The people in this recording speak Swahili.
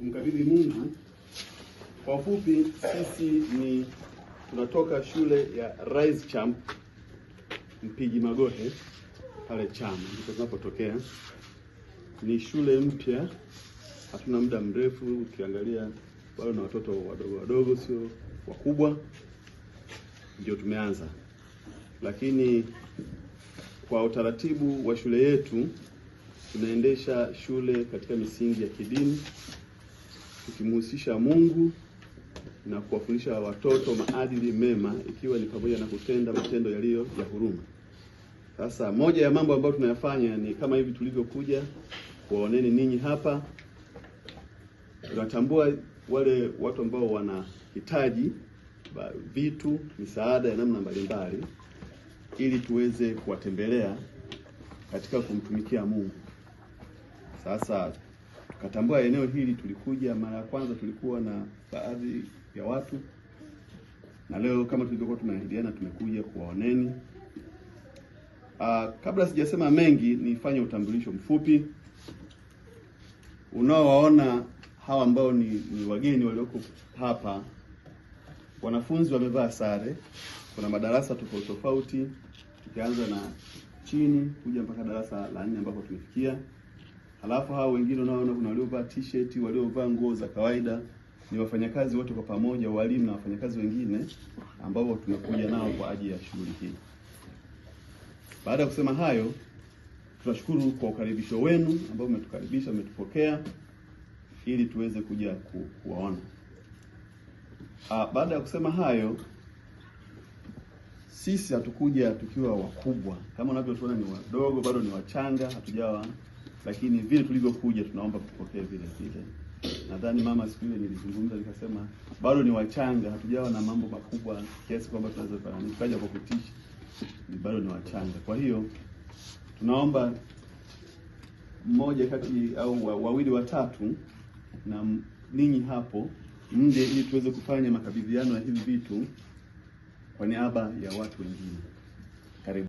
kumkabidhi Mungu. Kwa ufupi, sisi ni tunatoka shule ya Rise Champ Mpiji Magohe pale Chama, ndipo tunapotokea. Ni shule mpya, hatuna muda mrefu, ukiangalia bado na watoto wadogo wadogo, sio wakubwa, ndio tumeanza. Lakini kwa utaratibu wa shule yetu tunaendesha shule katika misingi ya kidini tukimhusisha Mungu na kuwafundisha watoto maadili mema, ikiwa ni pamoja na kutenda matendo yaliyo ya huruma. Sasa moja ya mambo ambayo tunayafanya ni kama hivi tulivyokuja kuwaoneni ninyi hapa. Tunatambua wale watu ambao wanahitaji vitu, misaada ya namna mbalimbali, ili tuweze kuwatembelea katika kumtumikia Mungu. Sasa tukatambua eneo hili, tulikuja mara ya kwanza tulikuwa na baadhi ya watu, na leo kama tulivyokuwa tumeahidiana tumekuja kuwaoneni. Uh, kabla sijasema mengi, nifanye utambulisho mfupi. Unaowaona hawa ambao ni, ni wageni walioko hapa, wanafunzi wamevaa sare. Kuna madarasa tofauti tofauti, tukianza na chini kuja mpaka darasa la nne ambapo tumefikia. Halafu hao wengine unaona kuna waliovaa t-shirt, waliovaa nguo za kawaida ni wafanyakazi wote kwa pamoja, walimu na wafanyakazi wengine ambao tumekuja nao kwa ajili ya shughuli hii. Baada ya kusema hayo, tunashukuru kwa ukaribisho wenu ambao umetukaribisha, umetupokea ili tuweze kuja ku, kuwaona. Ah, baada ya kusema hayo, sisi hatukuja tukiwa wakubwa kama unavyotuona, ni wadogo bado, ni wachanga, hatujawa lakini vile tulivyokuja tunaomba kupokea vile vile. Nadhani mama siku ile nilizungumza nikasema, bado ni wachanga, hatujawa na mambo makubwa kiasi kwamba tunaweza kufanya kwa kutisha, bado ni wachanga. Kwa hiyo tunaomba mmoja kati au wawili watatu na ninyi hapo mje, ili tuweze kufanya makabidhiano ya hivi vitu kwa niaba ya watu wengine.